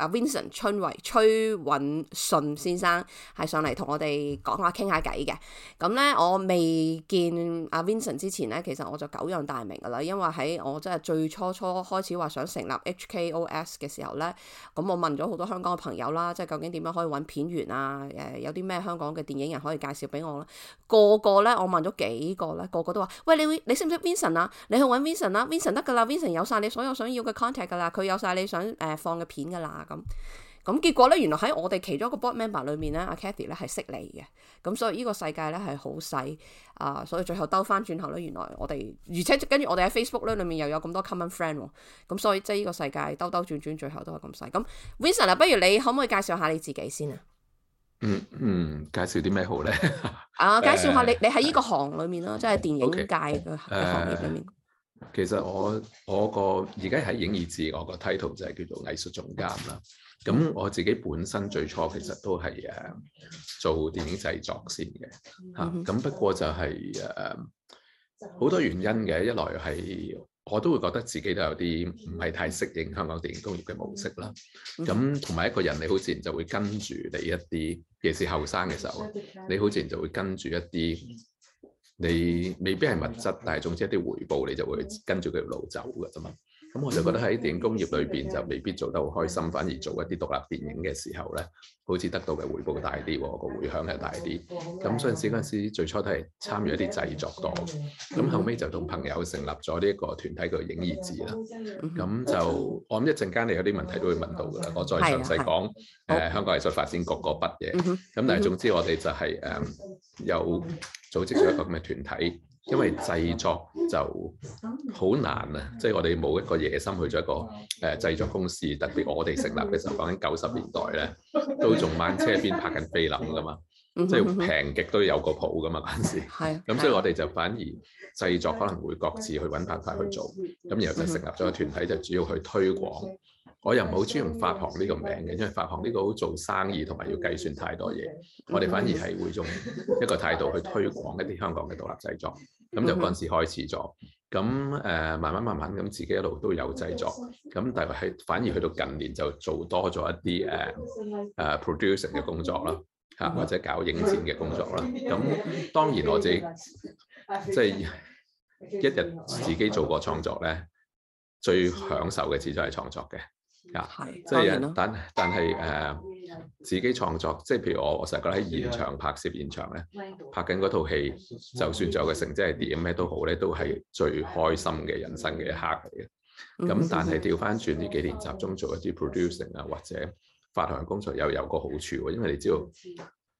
阿 Vincent 春維崔允信先生係上嚟同我哋講下傾下偈嘅。咁咧，我未見阿 Vincent 之前咧，其實我就久仰大名噶啦。因為喺我真係最初初開始話想成立 HKOS 嘅時候咧，咁我問咗好多香港嘅朋友啦，即係究竟點樣可以揾片源啊？誒，有啲咩香港嘅電影人可以介紹俾我咧？個個咧，我問咗幾個咧，個個都話，喂，你會你識唔識 Vincent 啊？你去揾、啊、Vincent 啦，Vincent 得噶啦，Vincent 有晒你所有想要嘅 contact 噶啦，佢有晒你想誒、呃、放嘅片噶啦。咁咁結果咧，原來喺我哋其中一個 board member 裏面咧，阿 Cathy 咧係識你嘅。咁所以呢個世界咧係好細啊，所以最後兜翻轉頭咧，原來我哋而且跟住我哋喺 Facebook 咧裏面又有咁多 common friend，咁所以即係呢個世界兜兜轉轉，最後都係咁細。咁 Vincent 啊，不如你可唔可以介紹下你自己先啊？嗯嗯，介紹啲咩好咧？ 啊，介紹下你你喺呢個行裏面咯，即係電影界嘅行，Okay. 行業裏面。其實我我個而家喺影意志，我個 title 就係叫做藝術總監啦。咁我自己本身最初其實都係誒做電影製作先嘅，嚇、啊。咁不過就係誒好多原因嘅，一來係我都會覺得自己都有啲唔係太適應香港電影工業嘅模式啦。咁同埋一個人你好自然就會跟住你一啲，尤其是後生嘅時候，你好自然就會跟住一啲。你未必係物質，但係總之一啲回報，你就會跟住佢條路走㗎啫嘛。咁我就覺得喺電影工業裏邊就未必做得好開心，反而做一啲獨立電影嘅時候咧，好似得到嘅回報大啲，回響大個回響係大啲。咁所陣時嗰陣時最初都係參與一啲製作多，咁後尾就同朋友成立咗呢一個團體叫影意志啦。咁就我諗一陣間你有啲問題都會問到㗎啦。我再詳細講誒香港藝術發展局嗰筆嘢。咁但係總之我哋就係、是、誒、呃、有。組織咗一個咁嘅團體，因為製作就好難啊！即、就、係、是、我哋冇一個野心去做一個誒、呃、製作公司，特別我哋成立嘅時候，講緊九十年代咧，都仲慢車邊拍緊菲林噶嘛，mm hmm. 即係平極都有個譜噶嘛嗰陣時。咁、mm hmm. 所以我哋就反而製作可能會各自去揾辦法去做，咁然後就成立咗個團體，就主要去推廣。我又唔好中意用發行呢個名嘅，因為發行呢個好做生意，同埋要計算太多嘢。我哋反而係會用一個態度去推廣一啲香港嘅獨立製作，咁就嗰陣時開始咗。咁誒，慢慢慢慢咁，自己一路都有製作。咁但係反而去到近年就做多咗一啲誒誒 producing 嘅工作啦，嚇或者搞影展嘅工作啦。咁當然我自己即係、就是、一日自己做過創作咧，最享受嘅始終係創作嘅。啊，即係 Yeah, 但但係誒，uh, 自己創作，即係譬如我，我成日覺得喺現場拍攝現場咧，拍緊嗰套戲，就算最後嘅成績係點咩都好咧，都係最開心嘅人生嘅一刻嚟嘅。咁但係調翻轉呢幾年集中做一啲 producing 啊，或者發行工作，又有個好處，啊，因為你知道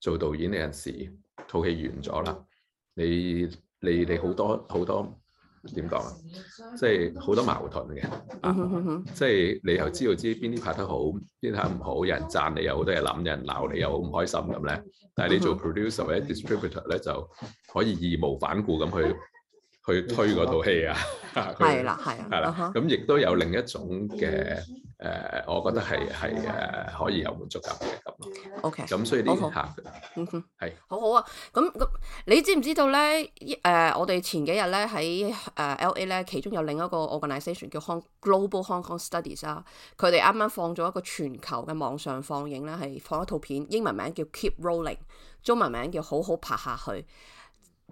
做導演嗰陣時套戲完咗啦，你你你好多好多。點講、mm hmm. 啊？即係好多矛盾嘅啊！即係你又知道知邊啲拍得好，邊啲拍唔好，有人讚你，有好多嘢諗，有人鬧你，又好唔開心咁咧。但係你做 producer、mm hmm. 或者 distributor 咧，就可以義無反顧咁去去推嗰套戲啊！係啦，係啦，係啦，咁亦都有另一種嘅誒、mm hmm. 呃，我覺得係係誒可以有滿足感嘅。O K，咁所以呢哼，係，好好啊！咁咁，你知唔知道咧？誒、呃，我哋前幾日咧喺誒 L A 咧，其中有另一個 organization 叫 Hong Global Hong Kong Studies 啊，佢哋啱啱放咗一個全球嘅網上放映咧，係放一套片，英文名叫 Keep Rolling，中文名叫好好拍下去，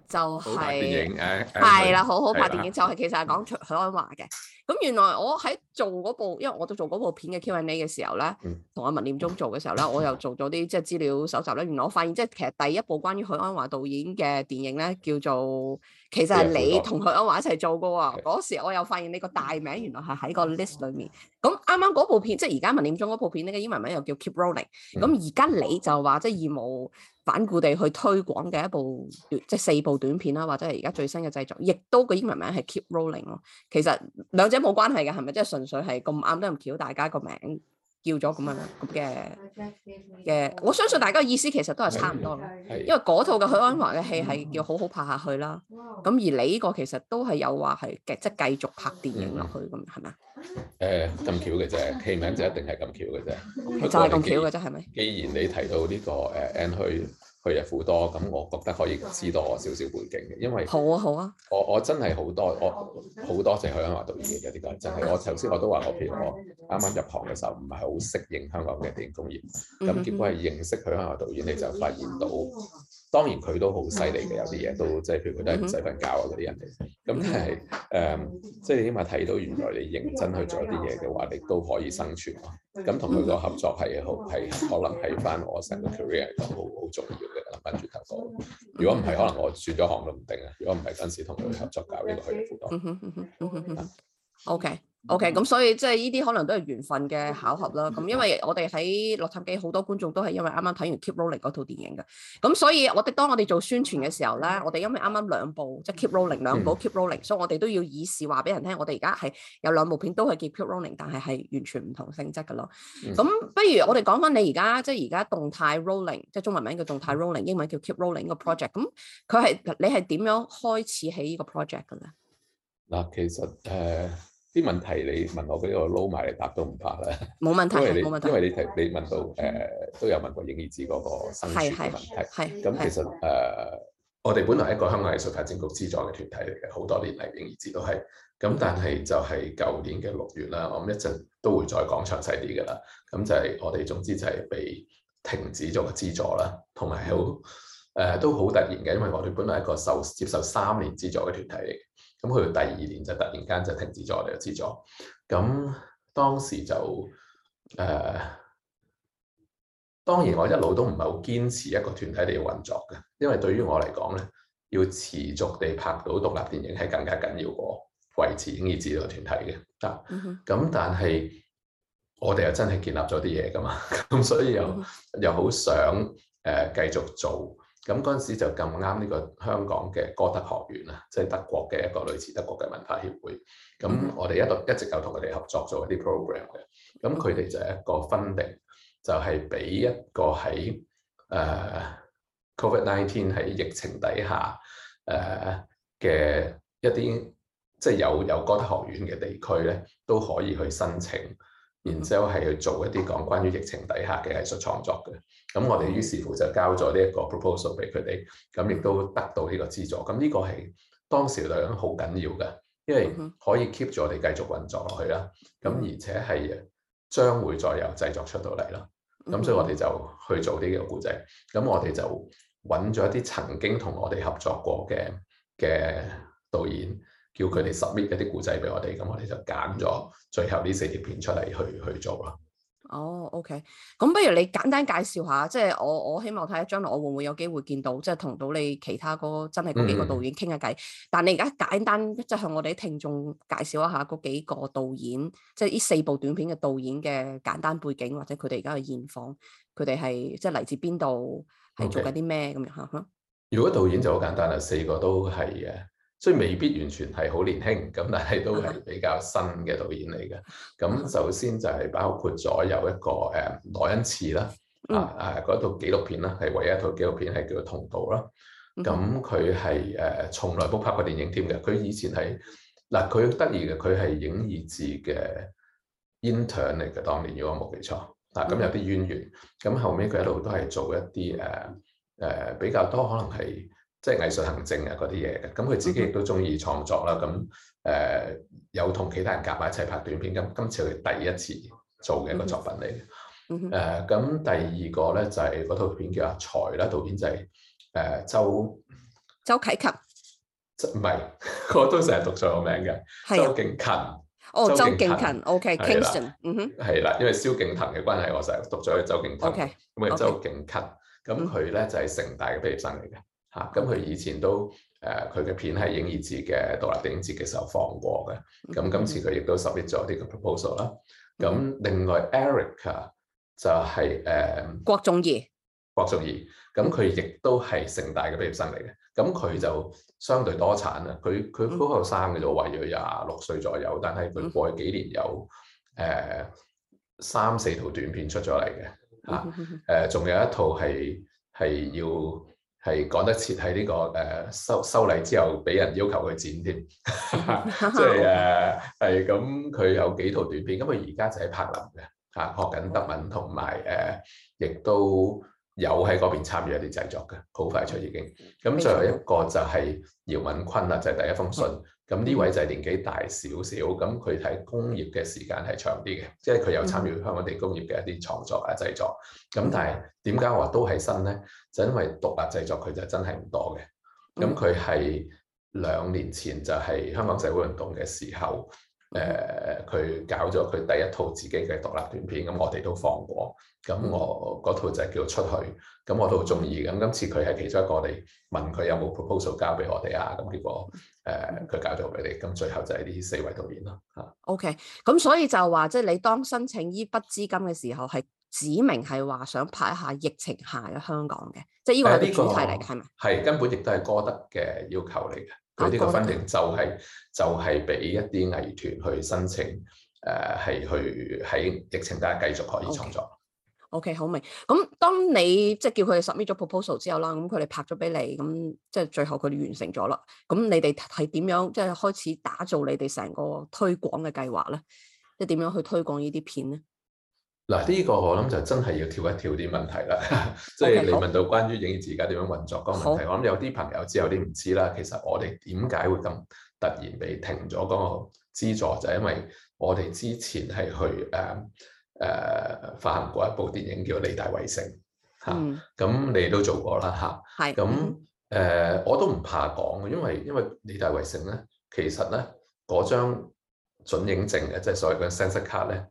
就係係啦，好好拍電影、uh, 就係，其實係講許鞍華嘅。嗯咁原來我喺做嗰部，因為我喺做嗰部片嘅 Q&A 嘅時候咧，同阿、嗯、文念中做嘅時候咧，我又做咗啲即係資料搜集咧。原來我發現，即係其實第一部關於許鞍華導演嘅電影咧，叫做其實係你同許鞍華一齊做過啊。嗰、嗯、時我又發現你個大名原來係喺個 list 裏面。咁啱啱嗰部片，即係而家文念中嗰部片呢嘅、這個、英文名又叫 Keep Rolling。咁而家你就話即係義無反顧地去推廣嘅一部即係四部短片啦，或者係而家最新嘅製作，亦都個英文名係 Keep Rolling 咯。其實兩者。冇關係嘅，係咪？即係純粹係咁啱得咁巧，大家個名叫咗咁樣咁嘅嘅。我相信大家嘅意思其實都係差唔多咯。因為嗰套嘅許鞍華嘅戲係要好好拍下去啦。咁、嗯、而你呢個其實都係有話係嘅，即、就、係、是、繼續拍電影落去咁，係咪、嗯？誒咁嗎、呃、巧嘅啫，戲名就一定係咁巧嘅啫。 就係咁巧嘅啫，係咪？既然你提到呢、這個誒 n 去。Uh, 佢亦苦多，咁我覺得可以知道我少少背景嘅。因為好啊好啊，好啊我我真係好多我好多謝許鞍華導演嘅呢個，就係我頭先我都話我譬如我啱啱入行嘅時候唔係好適應香港嘅電影工業，咁結果係認識佢許鞍華導演，你就發現到。當然佢都好犀利嘅，有啲嘢都即係，譬如佢都係唔使瞓覺啊嗰啲人嚟。咁、mm hmm. 但係誒、嗯，即係起碼睇到原來你認真去做一啲嘢嘅話，你都可以生存啊。咁同佢個合作係好係可能喺翻我成個 career 嚟講好好重要嘅。諗翻轉頭講，如果唔係，可能我，er、我轉咗行都唔定啊！如果唔係嗰陣時同佢合作搞呢個去輔導。嗯 O K. O.K.，咁所以即係呢啲可能都係緣分嘅巧合啦。咁、嗯、因為我哋喺《洛杉磯》好多觀眾都係因為啱啱睇完《Keep Rolling》嗰套電影噶，咁所以我哋當我哋做宣傳嘅時候咧，我哋因為啱啱兩部即係、就是《Keep Rolling》兩部《Keep Rolling》，嗯、所以我哋都要以示話俾人聽，我哋而家係有兩部片都係叫《Keep Rolling》，但係係完全唔同性質噶咯。咁、嗯、不如我哋講翻你而家即係而家動態 Rolling，即係中文名叫動態 Rolling，英文叫 Keep Rolling 個 project。咁佢係你係點樣開始起個呢個 project 噶咧？嗱，其實誒。Uh 啲問題你問我俾我撈埋嚟答都唔怕啦，冇問題，冇問題。因為你提你問到誒、呃，都有問過影意志嗰個生存問題，咁其實誒、呃，我哋本來一個香港藝術發展局資助嘅團體嚟嘅，好多年嚟影意志都係。咁但係就係舊年嘅六月啦，我諗一陣都會再講詳細啲㗎啦。咁就係我哋總之就係被停止咗個資助啦，同埋好誒都好突然嘅，因為我哋本來一個受接受三年資助嘅團體咁去到第二年就突然間停就停止咗我哋個資助，咁當時就誒、呃，當然我一路都唔係好堅持一個團體嚟運作嘅，因為對於我嚟講咧，要持續地拍到獨立電影係更加緊要過維持影意志個資助團體嘅。啊、mm，咁、hmm. 但係我哋又真係建立咗啲嘢噶嘛，咁所以又、mm hmm. 又好想誒繼續做。咁嗰陣時就咁啱呢個香港嘅歌德學院啊，即係德國嘅一個類似德國嘅文化協會。咁我哋一度一直有同佢哋合作做一啲 program 嘅。咁佢哋就一個 funding，就係俾一個喺誒 Covid nineteen 喺疫情底下誒嘅一啲，即係有有歌德學院嘅地區咧，都可以去申請。然之後係去做一啲講關於疫情底下嘅藝術創作嘅，咁我哋於是乎就交咗呢一個 proposal 俾佢哋，咁亦都得到呢個資助。咁呢個係當時嚟講好緊要嘅，因為可以 keep 住我哋繼續運作落去啦。咁而且係將會再有製作出到嚟啦。咁所以我哋就去做呢個故仔。咁我哋就揾咗一啲曾經同我哋合作過嘅嘅導演。叫佢哋 submit 一啲故仔俾我哋，咁我哋就揀咗最後呢四條片出嚟去去做咯。哦，OK，咁不如你簡單介紹下，即係我我希望睇下將來我會唔會有機會見到，即係同到你其他嗰真係嗰幾個導演傾下偈。但你而家簡單即係向我哋啲聽眾介紹一下嗰幾個導演，即係呢四部短片嘅導演嘅簡單背景，或者佢哋而家嘅現況，佢哋係即係嚟自邊度，係做緊啲咩咁樣吓？如果導演就好簡單啦，四個都係嘅。所以未必完全係好年輕，咁但係都係比較新嘅導演嚟嘅。咁首先就係包括咗有一個誒羅恩賜啦、嗯啊，啊誒嗰套紀錄片啦，係唯一一套紀錄片係叫《同渡》啦。咁佢係誒從來都拍過電影添嘅。佢以前喺嗱，佢得意嘅佢係影意志嘅 intern 嚟嘅，當年如果我冇記錯，啊咁有啲淵源。咁後尾佢一路都係做一啲誒誒比較多可能係。即係藝術行政啊，嗰啲嘢嘅。咁佢自己亦都中意創作啦。咁誒有同其他人夾埋一齊拍短片。咁今次佢第一次做嘅一個作品嚟嘅。誒咁第二個咧就係嗰套片叫《阿財》啦。套片就係誒周周啟琴，唔係我都成日讀錯個名嘅。周敬勤，哦周敬勤，OK，Kingston，係啦，因為蕭敬騰嘅關係，我成日讀咗佢周敬騰。咁啊周敬勤，咁佢咧就係城大嘅畢業生嚟嘅。嚇，咁佢、啊、以前都誒，佢、呃、嘅片喺影意志嘅獨立電影節嘅時候放過嘅。咁今次佢亦都 submit 咗呢個 proposal 啦。咁、嗯、另外 Erica 就係誒郭仲怡，郭仲怡。咁佢亦都係盛大嘅畢業生嚟嘅。咁佢就相對多產啦。佢佢好後生嘅啫，懷住廿六歲左右。但係佢過去幾年有誒三四套短片出咗嚟嘅。嚇、啊、誒，仲、呃、有一套係係要。係講得切喺呢個誒收收禮之後，俾人要求佢剪添、 啊，即係誒係咁佢有幾套短片。咁佢而家就喺柏林嘅嚇，學緊德文同埋誒，亦都有喺嗰邊參與一啲製作嘅，好快出已經。咁最後一個就係姚敏坤啦，就係、是、第一封信。咁呢位就係年紀大少少，咁佢睇工業嘅時間係長啲嘅，即係佢有參與香港地工業嘅一啲創作啊製作。咁但係點解我話都係新呢？就因為獨立製作佢就真係唔多嘅。咁佢係兩年前就係香港社會運動嘅時候，誒佢、呃、搞咗佢第一套自己嘅獨立短片，咁我哋都放過。咁我嗰套就叫出去，咁我都好鍾意。咁今次佢係其中一個，嚟問佢有冇 proposal 交俾我哋啊。咁結果誒佢、呃、搞咗俾你。咁最後就係呢四位導演啦。嚇。OK. 咁所以就話即係你當申請呢筆資金嘅時候係指明係話想拍一下疫情下嘅香港嘅，即係呢個係主題嚟，嘅，係咪？係根本亦都係歌德嘅要求嚟嘅。佢呢、啊、個分庭就係、是啊、就係俾一啲藝團去申請，誒、呃、係去喺疫情底下繼續可以創作。Okay. OK，好明。咁當你即係叫佢哋 submit 咗 proposal 之後啦，咁佢哋拍咗俾你，咁即係最後佢哋完成咗啦。咁你哋係點樣即係開始打造你哋成個推廣嘅計劃咧？即係點樣去推廣呢啲片咧？嗱，呢個我諗就真係要跳一跳啲問題啦、嗯。即係 你問到關於影業自家點樣運作嗰個問題好，我諗有啲朋友知，有啲唔知啦。其實我哋點解會咁突然被停咗嗰個資助，就係、是、因為我哋之前係去誒誒、呃呃、發行過一部電影叫《理大圍城》，嚇、嗯。咁、啊、你都做過啦吓，係、啊。咁誒的、啊，我都唔怕講，因為因為《理大圍城》咧，其實咧嗰張準影證嘅，即係所謂嘅 Sensor 卡咧。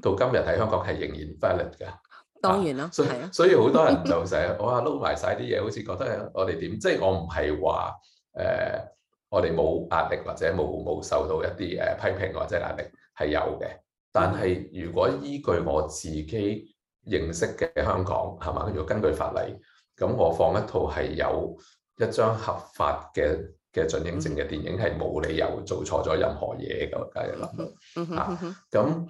到今日喺香港係仍然 v a l 㗎，當然啦、啊，所以好是的 多人就成日「哇撈埋晒啲嘢，好似覺得我哋點？即係我唔係話誒，我哋冇壓力或者冇冇受到一啲誒批評或者壓力係有嘅。但係如果依據我自己認識嘅香港係嘛，跟住根據法例，咁我放一套係有一張合法嘅嘅準影證嘅電影，係冇理由做錯咗任何嘢咁計啦。啊咁。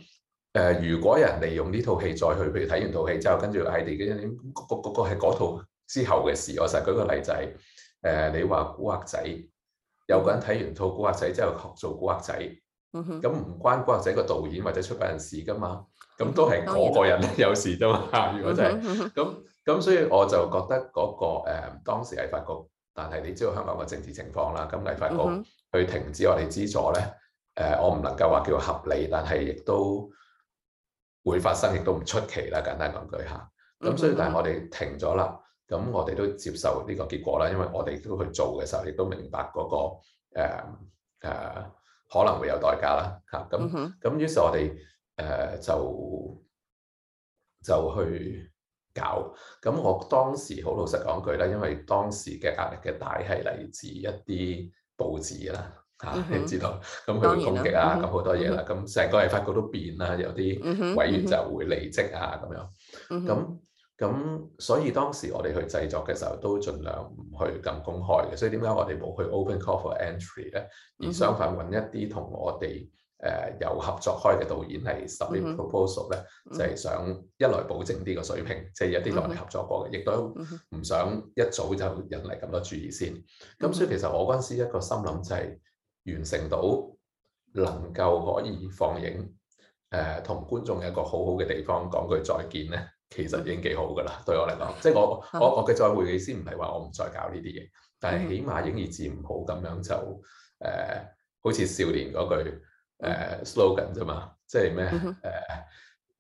誒、呃，如果人利用呢套戲再去，譬如睇完套戲之後，跟住嗌啲嗰啲，嗰個係嗰套之後嘅事。我實舉個例仔係、呃，你話古惑仔，有個人睇完套古惑仔之後學做古惑仔，咁唔關古惑仔個導演或者出品人事㗎嘛，咁都係嗰個人有事啫嘛。如果真係咁咁，所以我就覺得嗰、那個誒、呃、當時藝發局，但係你知道香港嘅政治情況啦，咁藝發局、嗯、哼去停止我哋資助咧，誒，我唔、呃、能夠話叫合理，但係亦都。會發生亦都唔出奇啦，簡單講句嚇。咁所以但係我哋停咗啦，咁我哋都接受呢個結果啦，因為我哋都去做嘅時候，亦都明白嗰個誒、呃呃、可能會有代價啦。嚇，咁咁於是我，我哋誒就就去搞。咁我當時好老實講句啦，因為當時嘅壓力嘅大係嚟自一啲報紙啦。嚇、啊，你知道咁佢、嗯、哼攻擊啊，咁好、嗯、多嘢啦，咁成、嗯、哼個藝發局都變啦，有啲委員就會離職啊，咁、嗯、哼樣，咁咁、嗯、哼所以當時我哋去製作嘅時候都盡量唔去咁公開嘅，所以點解我哋冇去 open call for entry 咧？而相反揾一啲同我哋誒、呃、有合作開嘅導演嚟 submit proposal 咧，就係想一來保證呢個水平，即係、嗯、哼有啲同我哋合作過嘅，亦都唔想一早就引嚟咁多注意先。咁所以其實我嗰陣時一個心諗就係、是。完成到能夠可以放映，誒、呃、同觀眾有一個好好嘅地方講句再見咧，其實已經幾好噶啦。對我嚟講，的即係我我我嘅再會意思唔係話我唔再搞呢啲嘢，但係起碼影意志唔好咁樣就誒、呃，好似少年嗰句誒、呃、slogan 啫嘛，即係咩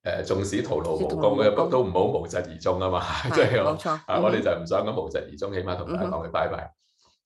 誒誒，縱使徒勞無功，都唔好無疾而終啊嘛。即係我，嗯、我哋就唔想咁無疾而終，起碼同大家講句拜拜。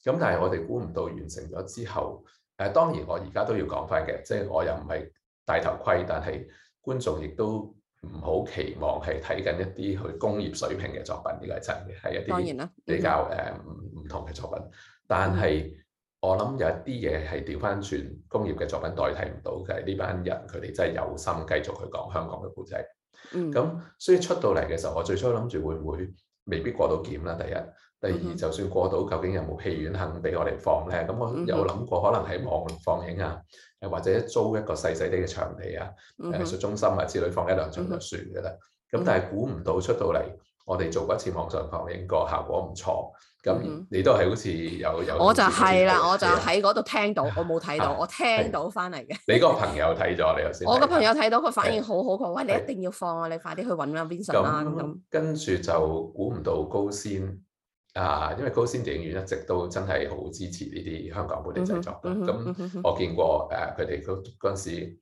咁、嗯、哼但係我哋估唔到完成咗之後。誒當然，我而家都要講翻嘅，即係我又唔係戴頭盔，但係觀眾亦都唔好期望係睇緊一啲去工業水平嘅作品，呢個係真嘅，係一啲比較誒唔同嘅作品。但係我諗有一啲嘢係調翻轉，工業嘅作品代替唔到嘅呢班人，佢哋真係有心繼續去講香港嘅古仔。咁所以出到嚟嘅時候，我最初諗住會唔會未必過到檢啦，第一。第二，就算過到究竟有冇戲院肯俾我哋放咧？咁我有諗過，可能喺網放映啊，誒或者租一個細細啲嘅場地啊，藝術中心啊之類放一兩場就算嘅啦。咁但係估唔到出到嚟，我哋做一次網上放映個效果唔錯。咁你都係好似有有我就係啦，我就喺嗰度聽到，我冇睇到，我聽到翻嚟嘅。你個朋友睇咗你頭先，我個朋友睇到佢反應好好嘅，喂你一定要放啊！你快啲去揾阿 Vincent 啦咁。跟住就估唔到高先。啊，因為高先電影院一直都真係好支持呢啲香港本地製作。咁、mm hmm. 啊、我見過誒，佢哋嗰嗰陣時，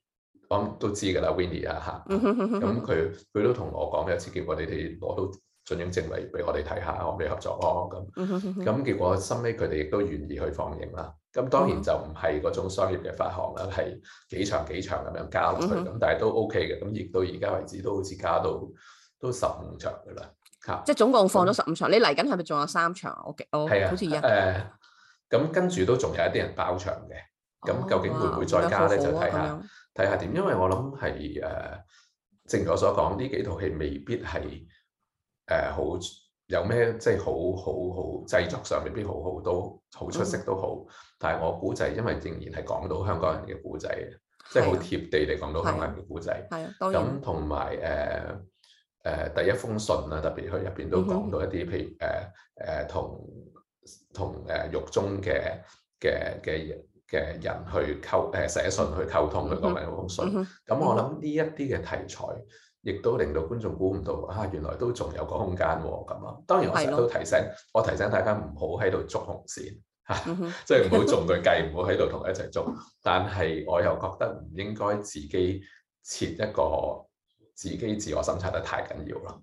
我都知㗎啦，Winnie 啊嚇。咁佢佢都同我講，有次叫過你哋攞到進映證嚟俾我哋睇下，我哋合作咯、啊。咁咁結果心尾佢哋亦都願意去放映啦。咁當然就唔係嗰種商業嘅發行啦，係幾場幾場咁樣加落去。咁但係都 OK 嘅。咁亦到而家為止都好似加到都十五場㗎啦。即係總共放咗十五場，嗯、你嚟緊係咪仲有三場？OK 哦、係啊，好似一誒咁，跟住都仲有一啲人包場嘅。咁、哦、究竟會唔會再加咧？好好就睇下睇樣下點。因為我諗係誒，正如我所講，呢幾套戲未必係誒、呃、好有咩，即、就、係、是、好好好製作上未必好好都好出色都好。嗯、但係我估，因為仍然係講到香港人嘅古仔，啊、即係好貼地嚟講到香港人嘅古仔。係啊，咁同埋誒。誒第一封信啊，特別佢入邊都講到一啲，譬、mm hmm. 如誒誒同同誒獄中嘅嘅嘅嘅人去溝誒、呃、寫信去溝通嘅嗰封信。咁、mm hmm. 我諗呢一啲嘅題材，亦都令到觀眾估唔到啊，原來都仲有個空間喎咁啊。當然我成日都提醒，mm hmm. 我提醒大家唔好喺度捉紅線嚇，即係唔好中佢計，唔好喺度同佢一齊捉。 但係我又覺得唔應該自己設一個。自己自我審查得太緊要咯，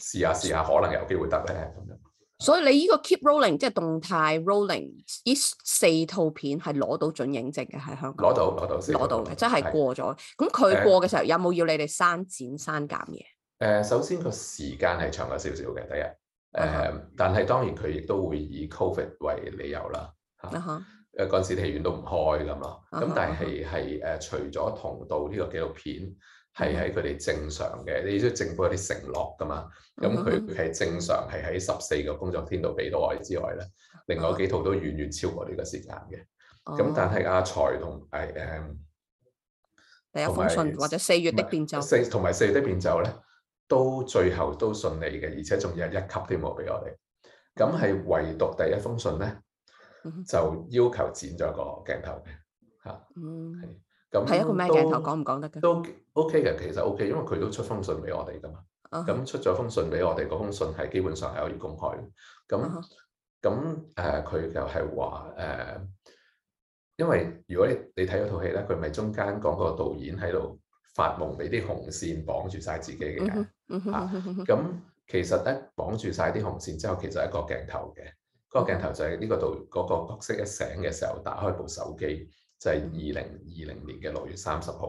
試下試下可能有機會得咧咁樣。所以你呢個 Keep Rolling 即係動態 Rolling，呢四套片係攞到準影證嘅喺香港，攞到攞到先，攞到嘅，即係過咗。咁佢的、嗯、過嘅時候有冇要你哋刪剪刪減嘢？誒、嗯，首先個時間係長咗少少嘅，第一誒，uh huh. 但係當然佢亦都會以 COVID 為理由啦嚇。誒，嗰陣時戲院都唔開咁咯，咁但係係誒，除咗同渡呢個紀錄片。係喺佢哋正常嘅，你知政府有啲承諾噶嘛？咁佢係正常係喺十四個工作天度俾到我之外咧，另外幾套都遠遠超過呢個時間嘅。咁、哦、但係阿財同誒誒第一封信有或者四月的變奏，四同埋四月的變奏咧，都最後都順利嘅，而且仲有一級添喎俾我哋。咁係唯獨第一封信咧，就要求剪咗個鏡頭嘅嚇，係、嗯。係啊，佢咩那鏡頭都講唔講得嘅？都 OK 嘅，其實 OK，因為佢都出封信俾我哋噶嘛。咁、oh、出咗封信俾我哋，嗰封信係基本上係可以公開咁咁誒，佢、oh 呃、就係話誒，因為如果你你睇嗰套戲咧，佢咪中間講個導演喺度發夢，俾啲紅線綁住晒自己嘅。咁、mm hmm, mm hmm. 啊、其實咧綁住晒啲紅線之後，其實係一個鏡頭嘅，嗰、那個鏡頭就係呢個導嗰、那個角色一醒嘅時候，打開部手機。就係二零二零年嘅六月三十號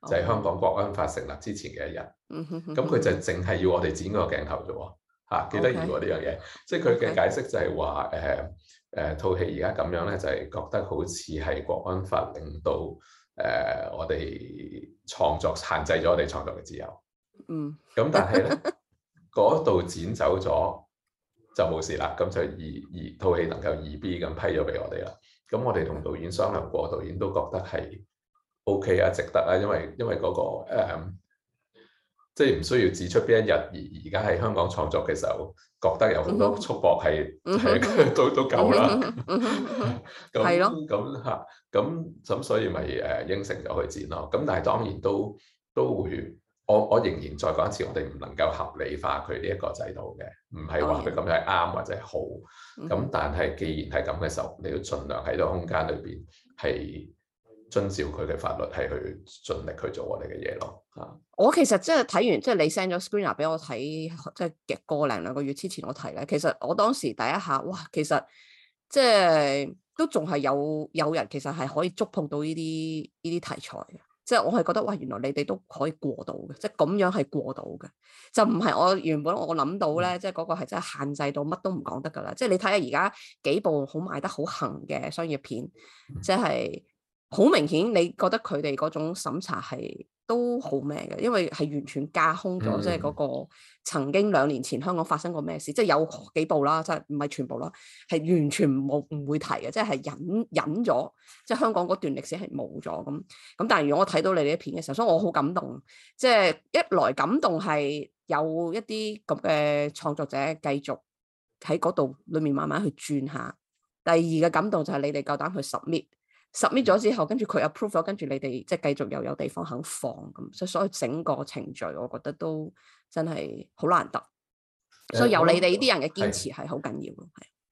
，oh. 就係香港國安法成立之前嘅一日。咁佢、mm hmm. 就淨係要我哋剪個鏡頭啫喎，嚇幾得意喎呢樣嘢。即係佢嘅解釋就係話，誒誒套戲而家咁樣咧，就係、是、覺得好似係國安法令到誒、呃、我哋創作限制咗我哋創作嘅自由。嗯、mm。咁、hmm. 但係咧，嗰度 剪走咗就冇事啦，咁就二二套戲能夠二 B 咁批咗俾我哋啦。咁我哋同導演商量過，導演都覺得係 OK 啊，值得啊，因為因為嗰個誒，即係唔需要指出邊一日而而家喺香港創作嘅時候，覺得有好多束縛係都都夠啦。咁係咯，咁嚇，咁咁所以咪誒應承咗去剪咯。咁但係當然都都會。我我仍然再講一次，我哋唔能夠合理化佢呢一個制度嘅，唔係話佢咁樣係啱或者係好。咁 Okay. 但係既然係咁嘅時候，你要儘量喺個空間裏邊係遵照佢嘅法律係去盡力去做我哋嘅嘢咯。啊，我其實即係睇完即係、就是、你 send 咗 screener 俾我睇，即、就、係、是、個零兩個月之前我睇咧。其實我當時第一下哇，其實即、就、係、是、都仲係有有人其實係可以觸碰到呢啲呢啲題材嘅。即係我係覺得，哇！原來你哋都可以過到嘅，即係咁樣係過到嘅，就唔係我原本我諗到咧，即係嗰個係真係限制到乜都唔講得㗎喇。即係你睇下而家幾部好賣得好行嘅商業片，即係好明顯，你覺得佢哋嗰種審查係都好咩嘅？因為係完全架空咗，即係嗰個曾經兩年前香港發生過咩事，即係有幾部啦，即係唔係全部啦，係完全冇唔會提嘅，即係係隱隱咗，即係香港嗰段歷史係冇咗咁。咁但係如果我睇到你啲片嘅時候，所以我好感動。即係一來感動係有一啲咁嘅創作者繼續喺嗰度裡面慢慢去轉下。第二嘅感動就係你哋夠膽去 submit。submit 咗之後，跟住佢 approve 咗，跟住你哋即係繼續又有，有地方肯放咁，所以整個程序我覺得都真係好難得，嗯、所以由你哋呢啲人嘅堅持係好緊要。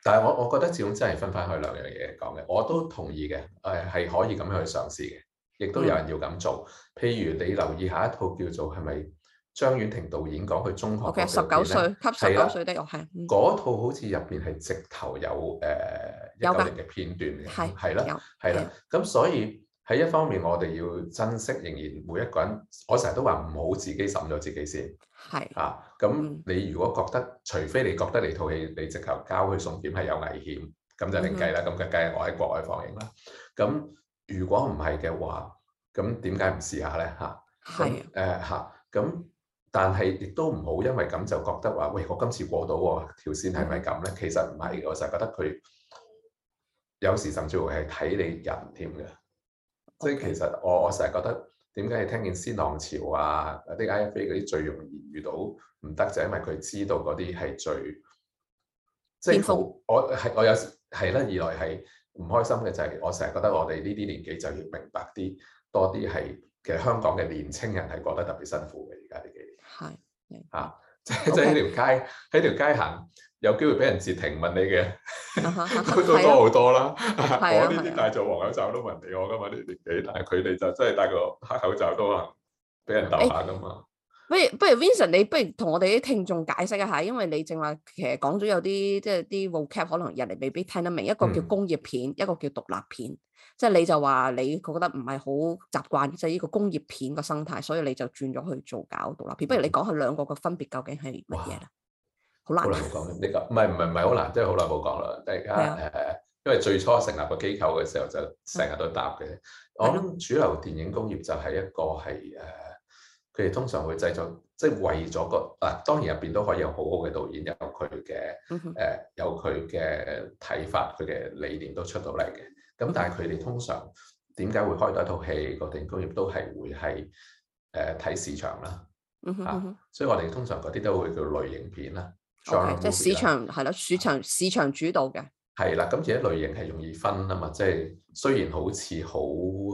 但係我我覺得始終真係分翻去兩樣嘢講嘅，我都同意嘅，係係可以咁樣去嘗試嘅，亦都有人要咁做。嗯、譬如你留意下一套叫做係咪張婉婷導演講佢中學嘅十九歲，給十九歲的我係。嗰套好似入邊係直頭有誒。嗯有嘅片段嘅，係係啦，係啦，咁所以喺一方面，我哋要珍惜，仍然每一個人。我成日都話唔好自己審咗自己先自己，係的啊。咁你如果覺得，除非你覺得你套戲你直頭交去送檢係有危險，咁就另計啦。咁就計我喺國外放映啦。咁如果唔係嘅話，咁點解唔試下咧？吓、啊，係誒吓。咁、啊啊、但係亦都唔好因為咁就覺得話，喂，我今次過到喎，條線係咪咁咧？其實唔係，我成日覺得佢。有時甚至乎係睇你人添嘅，Okay. 即係其實我我成日覺得點解你聽見鮮浪潮啊、啲 IFA 嗰啲最容易遇到唔得就係、是、因為佢知道嗰啲係最即係空我係我有時係啦，二來係唔開心嘅就係、是、我成日覺得我哋呢啲年紀就要明白啲多啲係其實香港嘅年青人係過得特別辛苦嘅，而家呢幾年係 Yes. Yes. 啊即係喺條街喺條街行。有機會俾人截停問你嘅、uh，嗰、huh, 度 多好多啦。Uh, 我呢啲戴咗黃口罩都唔理我噶嘛，啲年紀，uh, 但係佢哋就真係戴個黑口罩都話俾人逗下噶嘛、欸。不如不如 Vincent，你不如同我哋啲聽眾解釋一下，因為你正話其實講咗有啲即係啲 vocab，可能人哋未必聽得明。一個叫工業片，一個叫獨立片。嗯、立片即係你就話你，佢覺得唔係好習慣，就係、是、呢個工業片個生態，所以你就轉咗去做搞獨立片。不如你講下兩個嘅分別究竟係乜嘢啦？啊好難講呢個，唔係唔係唔係好難，即係好耐冇講啦。大家誒，的因為最初成立個機構嘅時候就成日都答嘅。的我諗主流電影工業就係一個係誒，佢、呃、哋通常會製作，即係為咗個嗱、啊，當然入邊都可以有好好嘅導演，有佢嘅誒，有佢嘅睇法，佢嘅理念都出到嚟嘅。咁但係佢哋通常點解會開到一套戲？個電影工業都係會係誒睇市場啦，所以我哋通常嗰啲都會叫類型片啦。即係市場係啦，嗯、了市場市場主導嘅。係啦，咁這些類型係容易分啊嘛，即、就、係、是、雖然好似好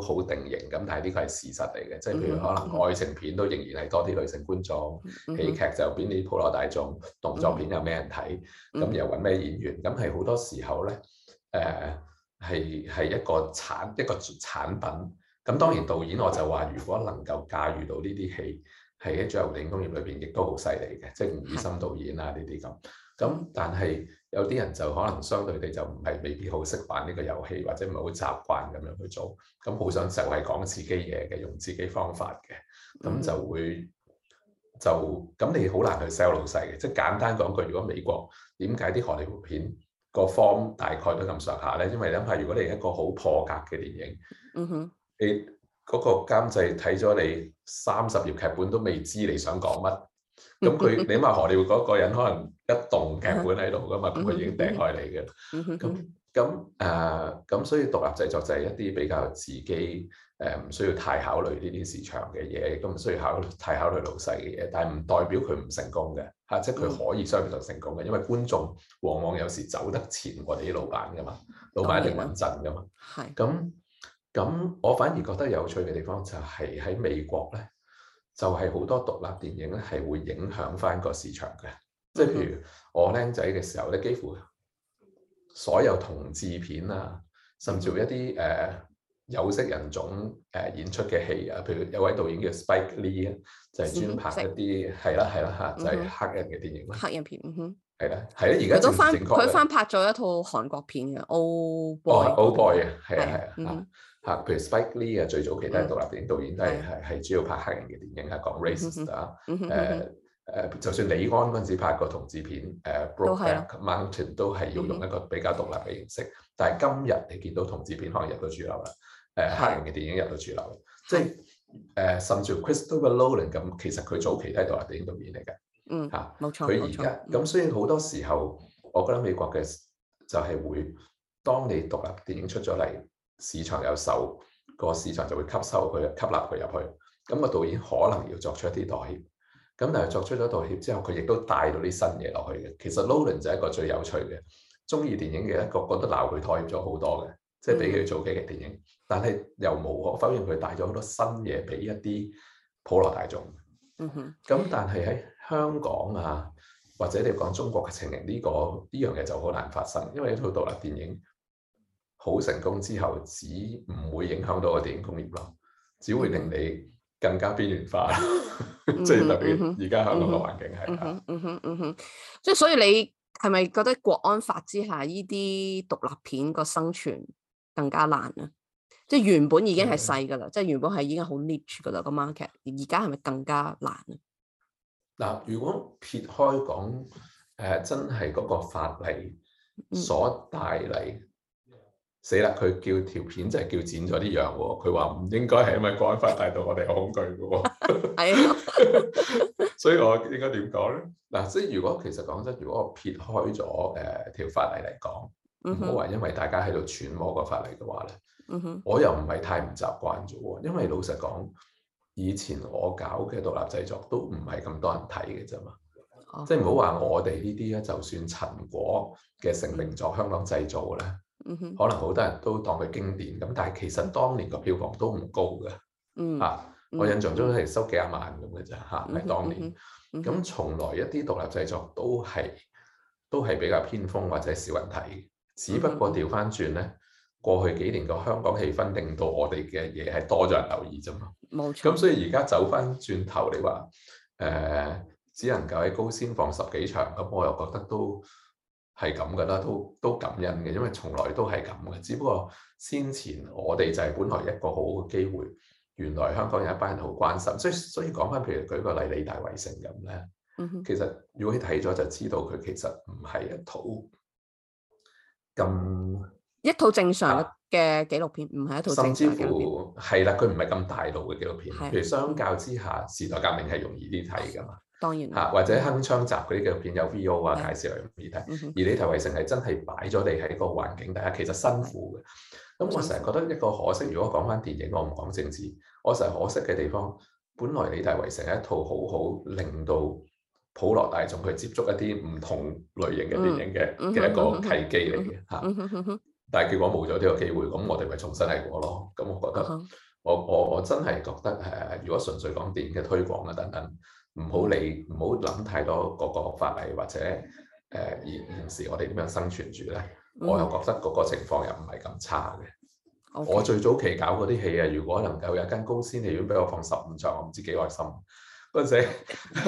好定型咁，但係呢個係事實嚟嘅。即、就、係、是、譬如可能愛情片都仍然係多啲女性觀眾，喜、嗯、劇就邊啲普羅大眾，動作片、嗯、又咩人睇，咁又揾咩演員，咁係好多時候咧，誒係係一個產一個產品。咁當然導演我就話，如果能夠駕馭到呢啲戲。係喺最後電影工業裏邊，亦都好犀利嘅，即係吳宇森導演啊呢啲咁。咁但係有啲人就可能相對地就唔係未必好識玩呢個遊戲，或者唔係好習慣咁樣去做。咁好想就係講自己嘢嘅，用自己方法嘅，咁就會就咁你好難去 sell 老細嘅。即係簡單講句，如果美國點解啲荷里活片個 form 大概都咁上下咧？因為你諗下，如果你一個好破格嘅電影，哼、mm，hmm. 你。嗰個監製睇咗你三十頁劇本都未知你想講乜，咁佢你起何鴻料嗰個人可能一棟劇本喺度噶嘛，咁佢已經掟開你嘅，咁咁誒，咁、呃、所以獨立製作就係一啲比較自己誒唔、呃、需要太考慮呢啲市場嘅嘢，咁唔需要考太考慮老細嘅嘢，但係唔代表佢唔成功嘅，嚇、啊，即係佢可以相比就成功嘅，因為觀眾往往有時走得前過啲老闆噶嘛，老闆一定穩陣噶嘛，係 Okay.，咁。咁我反而覺得有趣嘅地方就係喺美國咧，就係、是、好多獨立電影咧係會影響翻個市場嘅。即係譬如我僆仔嘅時候咧，幾乎所有同志片啊，甚至一啲誒、呃、有色人種誒演出嘅戲啊，譬如有位導演叫 Spike Lee 就係專拍一啲係啦係啦嚇，就係黑人嘅電影啦，黑人片、嗯哼係啦，係啦，而家都翻，佢翻拍咗一套韓國片嘅《Old Boy》。哦，《Old Boy》啊，係啊，係啊，嚇。譬如 Spike Lee 啊，最早期都係獨立電影導演，都係係係主要拍黑人嘅電影，係講 racism 啊。誒誒，就算李安嗰陣時拍個同志片，誒《Brokeback Mountain》，都係要用一個比較獨立嘅形式。但係今日你見到同志片可能入到主流啦，誒黑人嘅電影入到主流，即係誒甚至 Christopher Nolan 咁，其實佢早期都係獨立電影導演嚟嘅。嗯，吓，冇錯，佢而家咁，雖然好多時候，嗯、我覺得美國嘅，就係會，當你獨立電影出咗嚟，市場有售，個市場就會吸收佢，吸納佢入去。咁、那個導演可能要作出一啲妥協，咁但係作出咗妥協之後，佢亦都帶到啲新嘢落去嘅。其實 Lowland 就係一個最有趣嘅，中意電影嘅一個覺得鬧佢妥協咗好多嘅，即係俾佢做幾嘅電影，嗯、但係又無可否認佢帶咗好多新嘢俾一啲普羅大眾。咁但係喺。嗯嗯香港啊，或者你講中國嘅情形，這個，呢個呢樣嘢就好難發生，因為一套獨立電影好成功之後，只唔會影響到個電影工業咯，只會令你更加邊緣化。即係、mm hmm. 特別而家香港嘅環境係啊，即係所以你係咪覺得國安法之下，依啲獨立片個生存更加難啊？即、就、係、是、原本已經係細㗎啦，mm hmm. 即係原本係已經好 niche 㗎啦個 market，而家係咪更加難啊？嗱，如果撇開講，誒、呃、真係嗰個法例所帶嚟死啦！佢、嗯、叫條片就係叫剪咗啲樣喎，佢話唔應該係因為國安法帶到我哋好恐懼嘅喎。係， 所以我應該點講咧？嗱、 啊，即係如果其實講真，如果我撇開咗誒條法例嚟講，唔好話因為大家喺度揣摩個法例嘅話咧，嗯、哼我又唔係太唔習慣咗喎，因為老實講。以前我搞嘅獨立製作都唔係咁多人睇嘅啫嘛，oh. 即係唔好話我哋呢啲啊，就算陳果嘅成名作香港製造咧，mm hmm. 可能好多人都當佢經典，咁但係其實當年個票房都唔高嘅，嚇、mm hmm. 啊，我印象中都係收幾廿萬咁嘅啫嚇，喺、mm hmm. 啊、當年。咁、mm hmm. mm hmm. 從來一啲獨立製作都係都係比較偏鋒或者少人睇，只不過調翻轉咧。過去幾年個香港氣氛，令到我哋嘅嘢係多咗人留意啫嘛。冇錯。咁所以而家走翻轉頭，你話誒、呃、只能夠喺高先放十幾場，咁我又覺得都係咁噶啦，都都感恩嘅，因為從來都係咁嘅。只不過先前我哋就係本來一個好好嘅機會，原來香港有一班人好關心。所以所以講翻，譬如舉個例，理大圍城咁咧，其實如果你睇咗就知道，佢其實唔係一套咁。一套正常嘅紀錄片，唔係一套政治，甚至乎係啦，佢唔係咁大路嘅紀錄片。譬如相較之下，嗯《時代革命》係容易啲睇噶嘛，當然嚇、啊、或者《鏗鏘集》嗰啲紀錄片有 V.O. 啊，介紹嚟容易睇。嗯、哼而理大圍城係真係擺咗你喺個環境底下，其實辛苦嘅。咁我成日覺得一個可惜，如果講翻電影，我唔講政治，我成日可惜嘅地方，本來理大圍城一套好好令到普羅大眾去接觸一啲唔同類型嘅電影嘅嘅一個契機嚟嘅嚇。嗯嗯但係結果冇咗呢個機會，咁我哋咪重新嚟過咯。咁我覺得，嗯、我我我真係覺得誒、呃，如果純粹講電影嘅推廣啊等等，唔好理，唔好諗太多個個法例或者誒現、呃、現時我哋點樣生存住咧，我又覺得嗰個情況又唔係咁差嘅。嗯 okay. 我最早期搞嗰啲戲啊，如果能夠有間高仙戲院俾我放十五場，我唔知幾開心。嗰陣時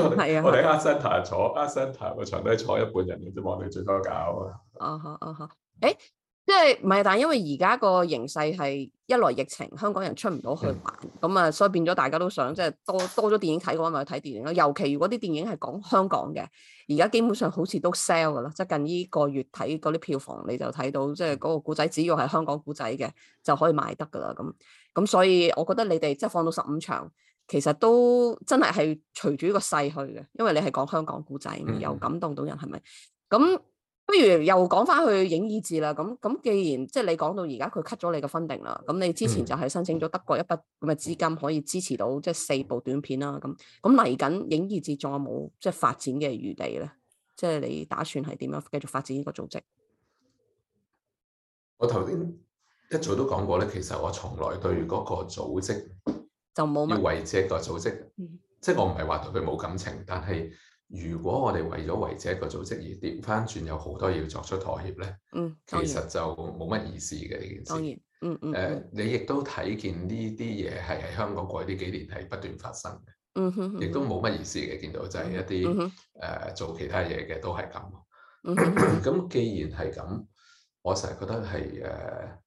我哋們、嗯、阿生頭坐，阿生頭個場都係坐一半人嘅啫，我哋最多搞。哦好哦好，誒、嗯。即係唔係？但係因為而家個形勢係一來疫情，香港人出唔到去玩，咁啊、嗯，所以變咗大家都想即係多多咗電影睇嘅話，咪去睇電影咯。尤其如果啲電影係講香港嘅，而家基本上好似都 sell 噶啦。即係近呢個月睇嗰啲票房，你就睇到即係嗰個故仔，只要係香港故仔嘅就可以賣得噶啦。咁咁，所以我覺得你哋即係放到十五場，其實都真係係隨住呢個勢去嘅，因為你係講香港故仔，又感動到人，係咪、嗯？咁不如又講翻去影意志啦。咁咁既然即係你講到而家佢 cut 咗你嘅分定啦，咁你之前就係申請咗德國一筆咁嘅資金可以支持到即係四部短片啦。咁咁嚟緊影意志仲有冇即係發展嘅餘地咧？即係你打算係點樣繼續發展呢個組織？我頭先一早都講過咧，其實我從來對於嗰個組織就冇乜要維持個組織，即係我唔係話對佢冇感情，但係。如果我哋為咗維持一個組織而跌翻轉，有好多嘢作出妥協咧，嗯、其實就冇乜意思嘅呢件事。嗯嗯，嗯呃、你亦都睇見呢啲嘢係喺香港過去呢幾年係不斷發生嘅。亦、嗯嗯、都冇乜意思嘅，見到就係一啲誒、嗯哼呃、做其他嘢嘅都係咁、嗯。嗯，咁 既然係咁，我成日覺得係誒、呃，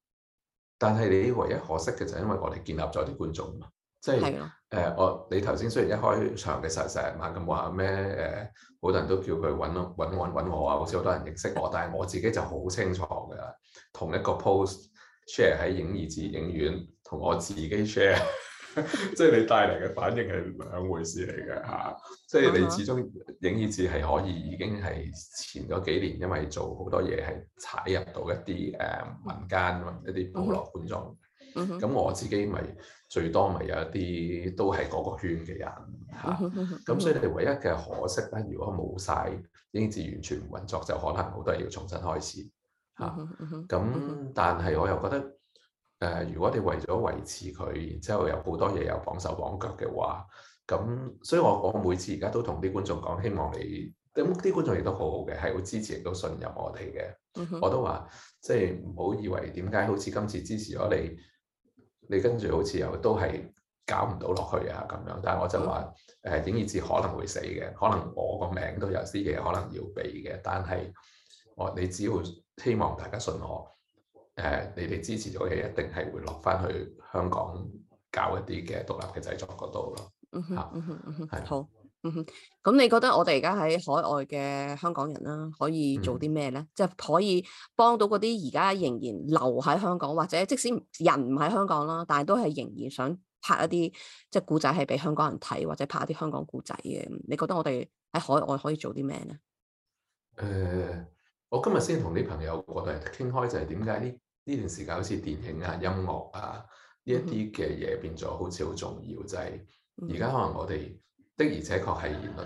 但係你唯一可惜嘅就係因為我哋建立咗啲觀眾嘛即係誒，我你頭先雖然一開場嘅時候成日問咁話咩誒，好、呃、多人都叫佢揾我揾我啊，好似好多人認識我，但係我自己就好清楚㗎啦。同一個 post share 喺影意志影院，同我自己 share，即 係你帶嚟嘅反應係兩回事嚟嘅嚇。即、啊、係、就是、你始終影意志係可以已經係前嗰幾年，因為做好多嘢係踩入到一啲誒民間、嗯、一啲普羅觀眾。嗯咁我自己咪、就是。最多咪有一啲都係嗰個圈嘅人嚇，咁所以你哋唯一嘅可惜咧，如果冇晒影意志完全唔運作，就可能好多嘢要重新開始嚇。咁但係我又覺得誒、呃，如果你為咗維持佢，然之後有好多嘢又綁手綁腳嘅話，咁所以我我每次而家都同啲觀眾講，希望你咁啲觀眾亦都好好嘅，係好支持亦都信任我哋嘅。Uh huh. 我都話即係唔好以為點解好似今次支持咗你。你跟住好似又都係搞唔到落去啊咁樣，但係我就話誒、嗯呃、影意志可能會死嘅，可能我個名都有啲嘢可能要俾嘅，但係我、呃、你只要希望大家信我，誒、呃、你哋支持咗嘢一定係會落翻去香港搞一啲嘅獨立嘅製作嗰度咯。嗯哼、啊、嗯哼，嗯哼，嗯哼係，好。嗯，咁你覺得我哋而家喺海外嘅香港人啦，可以做啲咩咧？即係、嗯、可以幫到嗰啲而家仍然留喺香港，或者即使人唔喺香港啦，但係都係仍然想拍一啲即係故仔係俾香港人睇，或者拍一啲香港故仔嘅。你覺得我哋喺海外可以做啲咩咧？誒、呃，我今日先同啲朋友過嚟傾開，就係點解呢？呢段時間好似電影啊、音樂啊呢一啲嘅嘢變咗好似好重要，嗯、就係而家可能我哋。的而且確係言論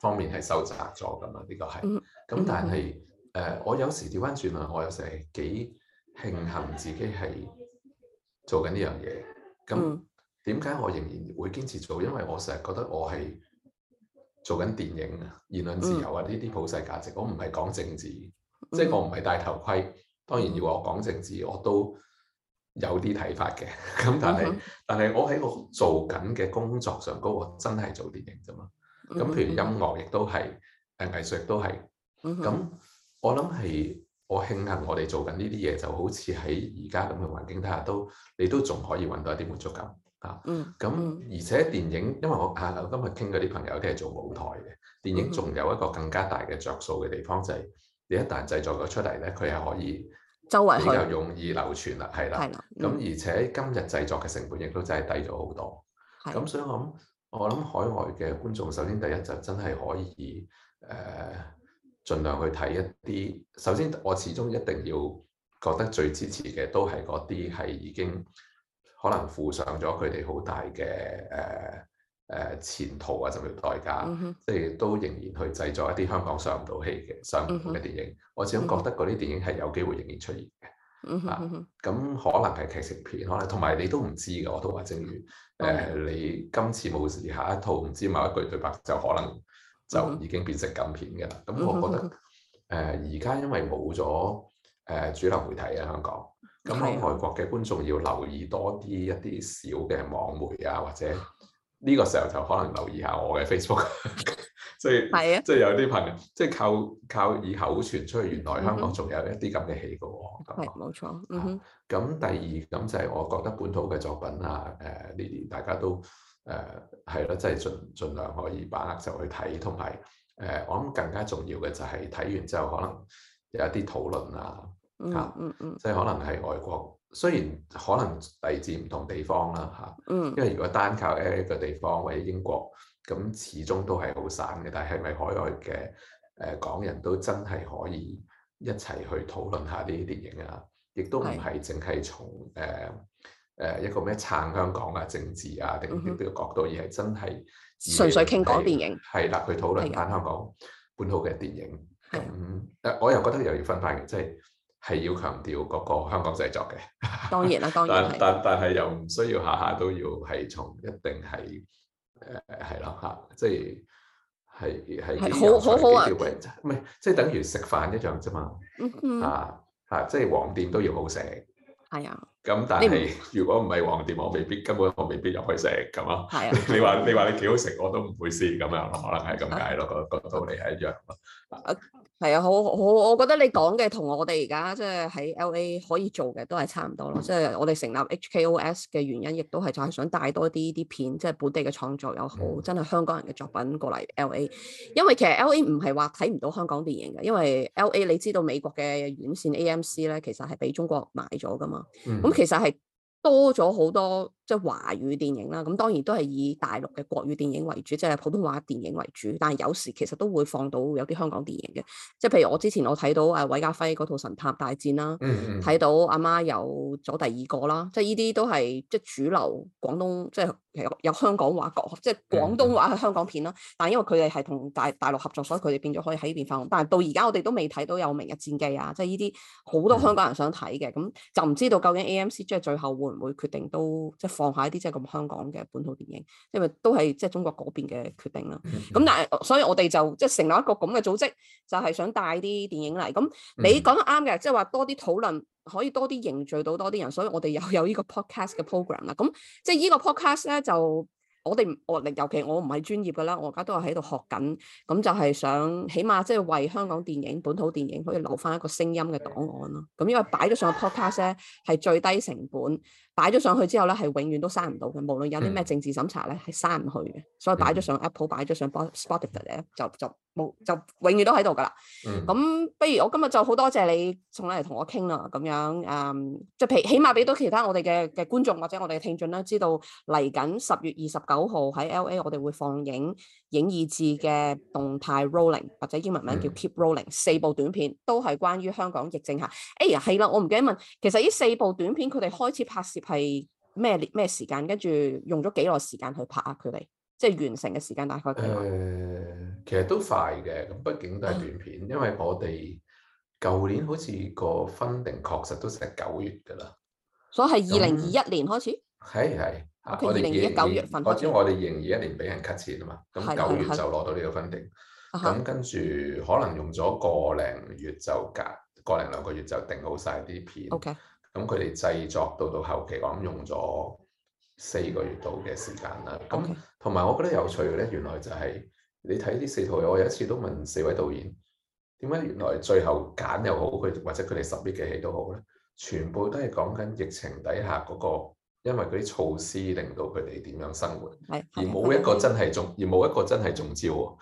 方面係收窄咗㗎嘛？呢、這個係，咁但係誒、嗯嗯呃，我有時調翻轉嚟，我有時係幾慶幸自己係做緊呢樣嘢。咁點解我仍然會堅持做？因為我成日覺得我係做緊電影啊、言論自由啊呢啲普世價值。嗯、我唔係講政治，即係、嗯、我唔係戴頭盔。當然要話我講政治，我都。有啲睇法嘅，咁但係、uh huh. 但係我喺我做緊嘅工作上嗰個真係做電影啫嘛，咁譬如音樂亦都係，誒藝術亦都係，咁、huh. 我諗係我慶幸我哋做緊呢啲嘢，就好似喺而家咁嘅環境底下都，你都仲可以揾到一啲滿足感，uh huh. 啊，咁而且電影因為我啊，我今日傾嗰啲朋友都係做舞台嘅，電影仲有一個更加大嘅着數嘅地方就係、是，你一旦製作咗出嚟呢，佢係可以。比較容易流傳啦，係啦，咁的而且今日製作嘅成本亦都真係低咗好多，咁的所以我諗，我諗海外嘅觀眾首先第一就真係可以誒，儘、呃、量去睇一啲，首先我始終一定要覺得最支持嘅都係嗰啲係已經可能附上咗佢哋好大嘅誒，呃前途啊，甚至代價，即係都仍然去製作一啲香港上唔到戲嘅上唔到嘅電影。Mm hmm. 我始終覺得嗰啲電影係有機會仍然出現嘅。咁、mm hmm. 啊、可能係劇情片，可能同埋你都唔知嘅。我都話正如誒，啊 mm hmm. 你今次冇事，下一套唔知某一句對白就可能就已經變成禁片嘅啦。咁、mm hmm. 啊、我覺得誒，而、呃、家因為冇咗誒主流媒體喺、啊、香港，咁喺外國嘅觀眾要留意多啲一啲小嘅網媒啊，或者～呢個時候就可能留意下我嘅 Facebook，即 係、就、即、是、係是、啊、有啲朋友，即、就、係、是、靠靠以口傳出去。原來香港仲有一啲咁嘅戲嘅喎。係、mm，冇、hmm. 嗎錯，咁、mm hmm. 第二咁就係我覺得本土嘅作品啊，誒呢啲大家都誒係咯，即、呃、係、就是、盡儘量可以把握就去睇，同埋誒我諗更加重要嘅就係睇完之後可能有一啲討論啊，嚇、mm，即、hmm. 係、就是、可能係外國。雖然可能嚟自唔同地方啦嚇，嗯、因為如果單靠 A A 嘅地方或者英國，咁始終都係好散嘅。但係咪海外嘅誒港人都真係可以一齊去討論下呢啲電影啊？亦都唔係淨係從誒誒的、呃、一個咩撐香港啊、政治啊定啲邊個角度，嗯、哼而係真係純粹傾講電影。係嗱，去討論翻香港本土嘅電影。係的。誒，我又覺得又要分翻嘅，即係。係要強調嗰個香港製作嘅，當然啦，當然係。但但但係又唔需要下下都要係從一定係誒係咯吓，即係係係好好好啊！唔係即係等於食飯一樣啫嘛，啊、嗯嗯、啊！即係黃店都要好食，係啊。咁但係不如果唔係黃店，我未必根本我未必入去食，係嘛、啊？你話你話你幾好食，我都唔會試咁樣，可能係咁解咯。個個道理係一樣咯。係啊，我我我覺得你講嘅同我哋而家即係喺 L A 可以做嘅都係差唔多咯。即係、嗯、我哋成立 H K O S 嘅原因，亦都係就係想帶多啲啲片，即係本地嘅創作又好，嗯、真係香港人嘅作品過嚟 L A。因為其實 L A 唔係話睇唔到香港電影嘅，因為 L A 你知道美國嘅院線 A M C 咧，其實係俾中國買咗㗎嘛。咁、嗯、其實係多咗好多。即係華語電影啦，咁當然都係以大陸嘅國語電影為主，即係普通話電影為主。但係有時其實都會放到有啲香港電影嘅，即係譬如我之前我睇到誒韋家輝嗰套《神探大戰》啦、嗯嗯，睇到阿媽有咗第二個啦，即係依啲都係即係主流廣東，即係有，有香港話講，即係廣東話嘅香港片啦。嗯嗯，但係因為佢哋係同大大陸合作，所以佢哋變咗可以喺呢邊放。但係到而家我哋都未睇到有《明日戰記》啊，即係依啲好多香港人想睇嘅，咁就唔知道究竟 AMC 即係最後會唔會決定都即放下一啲即係咁香港嘅本土電影，因為都係即係中國嗰邊嘅決定啦。咁 但係，所以我哋就即係、就是、成立一個咁嘅組織，就係、是、想帶啲電影嚟。咁你講得啱嘅，即係話多啲討論，可以多啲凝聚到多啲人。所以我哋又有個個呢個 podcast 嘅 program 啦。咁即係呢個 podcast 咧，就我哋我尤其我唔係專業嘅啦，我而家都係喺度學緊。咁就係想，起碼即係為香港電影、本土電影可以留翻一個聲音嘅檔案咯。咁因為擺咗上 podcast 咧，係最低成本。擺咗上去之後咧，係永遠都刪唔到嘅。無論有啲咩政治審查咧，係、嗯、刪唔去嘅。所以擺咗上 Apple，擺咗、嗯、上 Spotify 咧，就就冇就，就永遠都喺度噶啦。咁、嗯、不如我今日就好多謝你送嚟同我傾啦。咁樣誒，即、嗯、係起碼俾到其他我哋嘅嘅觀眾或者我哋嘅聽眾咧，知道嚟緊十月二十九號喺 LA 我哋會放映影意志嘅動態 rolling，或者英文名叫 Keep Rolling、嗯。四部短片都係關於香港疫症下。誒係啦，我唔記得問，其實呢四部短片佢哋開始拍攝。係咩咩時間？跟住用咗幾耐時間去拍啊？佢哋即係完成嘅時間大概幾耐、呃？其實都快嘅。咁畢竟都係短片，啊、因為我哋舊年好似個分定確實都成九月㗎啦。所以係二零二一年開始。係係，okay，我哋二零二一九月份，因為我哋二零二一年俾人 cut 錢啊嘛，咁九月就攞到呢個分定。咁跟住可能用咗個零月就隔、uh huh。個零兩個月就定好晒啲片。Okay. 咁佢哋製作到到後期，我諗用咗四個月度嘅時間啦。咁同埋我覺得有趣嘅咧，原來就係、是、你睇呢四套嘢，我有一次都問四位導演，點解原來最後揀又好，佢或者佢哋十啲嘅戲都好咧，全部都係講緊疫情底下嗰、那個。因為嗰啲措施令到佢哋點樣生活，而冇一個真係中，而冇一個真係中招喎。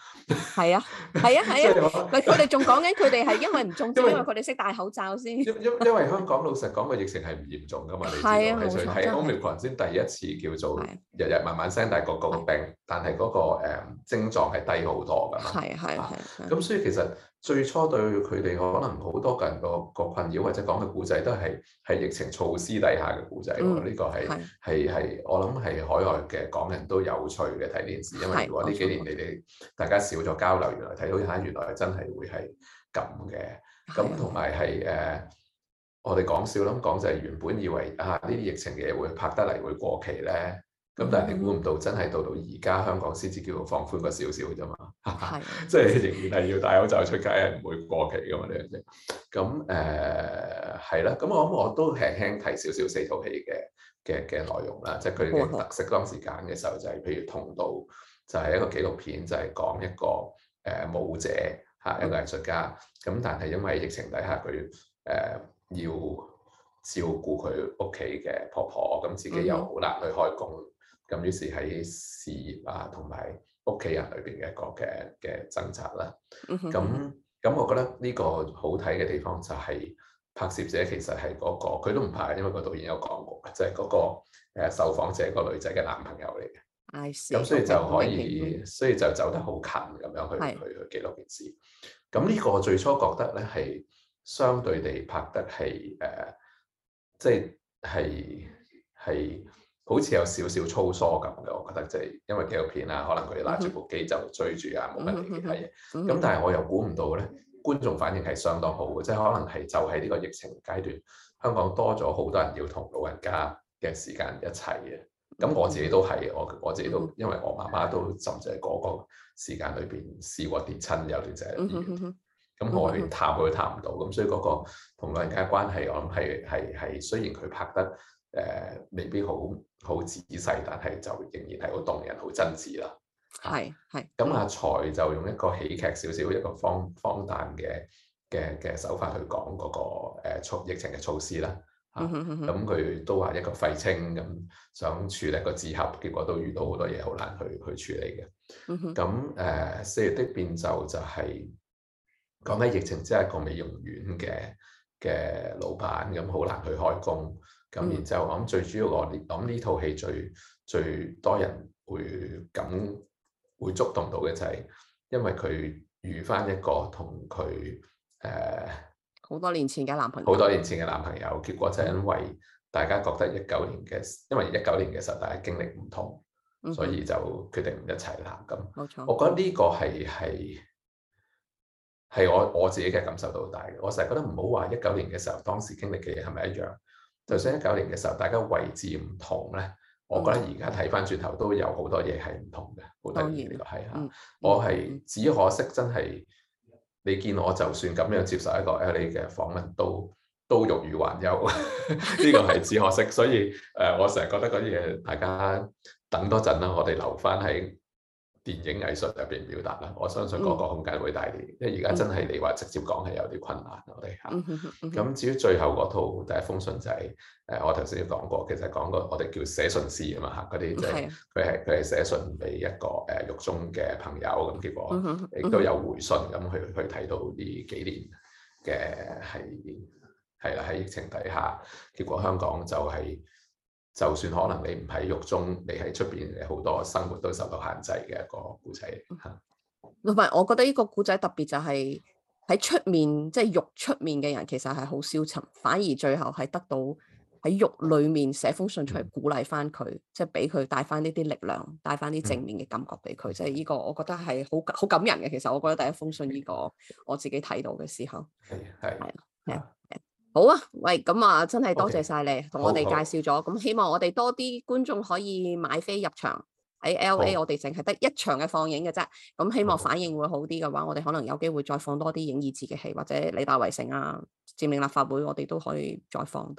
係啊，係啊，係啊，佢哋仲講緊佢哋係因為唔中招，因為佢哋識戴口罩先。因因為香港老實講個疫情係唔嚴重噶嘛，係啊係。係 Omicron 先第一次叫做日日慢慢升，但係個個病，但係嗰個誒症狀係低好多噶嘛。係係係。咁所以其實。最初對佢哋可能好多個人個個困擾或者講嘅故仔都係係疫情措施底下嘅故仔，呢、嗯、個係係係我諗係海外嘅港人都有趣嘅睇電視，因為如果呢幾年的你哋大家少咗交流，原來睇到嚇原來係真係會係咁嘅，咁同埋係誒我哋講笑諗講就係原本以為嚇呢啲疫情嘅嘢會拍得嚟會過期咧。咁、嗯、但係你估唔到，真係到到而家香港先至叫放寬個少少啫嘛，哈哈是的 即係仍然係要戴口罩出街，係唔會過期㗎嘛呢樣嘢。咁誒係啦，咁、呃、我諗我都輕輕提少少四套戲嘅嘅嘅內容啦，即係佢嘅特色。當時揀嘅時候就係、是，譬如《同渡》，就係、是、一個紀錄片，就係、是、講一個誒舞、呃、者嚇一個藝術家。咁、嗯、但係因為疫情底下，佢誒、呃、要照顧佢屋企嘅婆婆，咁自己又好難去開工。嗯咁於是喺事業啊，同埋屋企人裏邊嘅一個嘅嘅掙扎啦。咁咁、mm，hmm. 我覺得呢個好睇嘅地方就係拍攝者其實係嗰、那個，佢都唔怕，因為個導演有講過，即係嗰個受訪者個女仔嘅男朋友嚟嘅。咁 I see. 所以就可以，Okay. 所以就走得好近咁樣去去、mm hmm. 去記錄件事。咁呢個最初覺得咧係相對地拍得係誒、呃，即係係係。好似有少少粗疏咁嘅，我覺得即係因為紀錄片啊，可能佢拉住部機就追住啊，冇乜嘢其他嘢。咁、mm hmm. 但係我又估唔到咧，觀眾反應係相當好嘅，即、就、係、是、可能係就喺呢個疫情階段，香港多咗好多人要同老人家嘅時間一齊嘅。咁我自己都係，我我自己都、mm hmm. 因為我媽媽都甚至係嗰個時間裏邊試過跌親有段時間，咁、嗯 mm hmm. 我去探佢探唔到，咁所以嗰個同老人家嘅關係我，我諗係係係，雖然佢拍得，誒、呃，未必好好仔細，但係就仍然係好動人、好真摯啦。係、啊、係。咁阿才就用一個喜劇少少、一個荒荒誕嘅嘅嘅手法去講嗰、那個誒、呃、疫情嘅措施啦。吓、啊，咁佢、嗯嗯、都話一個廢青咁想處理個紙盒，結果都遇到好多嘢，好難去去處理嘅。咁誒、嗯哼呃，四月的變奏就係講喺疫情，只係一個美容院嘅嘅老闆，咁好難去開工。咁然之後，嗯、我諗最主要我諗呢套戲最最多人會感會觸動到嘅就係，因為佢遇翻一個同佢誒好多年前嘅男朋友，好多年前嘅男朋友，結果就因為大家覺得一九年嘅，因為一九年嘅時候大家經歷唔同，嗯、所以就決定唔一齊啦。咁冇錯，我覺得呢個係係係我我自己嘅感受到大嘅。我成日覺得唔好話一九年嘅時候當時經歷嘅嘢係咪一樣？就算一九年嘅時候，大家位置唔同咧，嗯、我覺得而家睇翻轉頭都有好多嘢係唔同嘅，好得意，呢個係嚇。我係只可惜真係，嗯、你見我就算咁樣接受一個 l 你嘅訪問都，都都欲語還休，呢個係只可惜。 所以誒，我成日覺得嗰啲嘢，大家等多陣啦，我哋留翻喺，電影藝術入邊表達啦，我相信嗰個空間會大啲，嗯、因為而家真係、嗯、你話直接講係有啲困難，我哋嚇。咁、嗯、至於最後嗰套第一封信就係、是，誒、呃，我頭先講過，其實講過我哋叫寫信師啊嘛嚇，嗰啲就係佢係佢係寫信俾一個誒、呃、獄中嘅朋友，咁結果亦都有回信，咁、嗯嗯、去去睇到呢幾年嘅係係啦喺疫情底下，結果香港就係、是。就算可能你唔喺獄中，你喺出邊好多生活都受到限制嘅一個故仔嚇。同埋、嗯、我覺得呢個故仔特別就係喺出面即係、即係、獄出面嘅人其實係好消沉，反而最後係得到喺獄裡面寫封信出嚟鼓勵翻佢，即係俾佢帶翻呢啲力量、帶翻啲正面嘅感覺俾佢。即係呢個我覺得係好好感人嘅。其實我覺得第一封信呢個我自己睇到嘅時候，係係係。嗯好啊，喂，咁啊，真係多謝晒你同我哋介紹咗。咁希望我哋多啲觀眾可以買飛入場喺 L A。我哋淨係得一場嘅放映嘅啫。咁希望反應會好啲嘅話，我哋可能有機會再放多啲影意志嘅戲，或者理大圍城啊，佔領立法會，我哋都可以再放。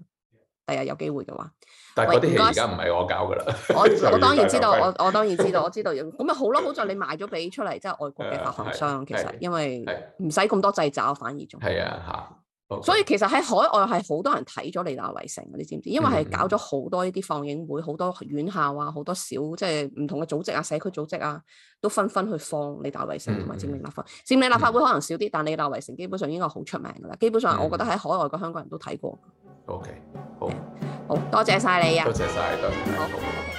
第日有機會嘅話，但係啲而家唔係我搞噶啦。我我當然知道，我我當然知道，我知道咁咪好咯。好在你賣咗俾出嚟，即係外國嘅發行商。其實因為唔使咁多制找，反而仲係啊吓。Okay. 所以其實喺海外係好多人睇咗《理大圍城》，你知唔知？因為係搞咗好多呢啲放映會，好多院校啊，好多小，即係唔同嘅組織啊、社區組織啊，都紛紛去放圍《理大圍城》同埋《佔領立法》嗯。《佔領立法會》可能少啲，但《理大圍城基本上應該出名》基本上已經好出名㗎啦。基本上，我覺得喺海外嘅香港人都睇過。O、okay. K，好，okay. 好多謝晒你啊！多謝晒！多謝。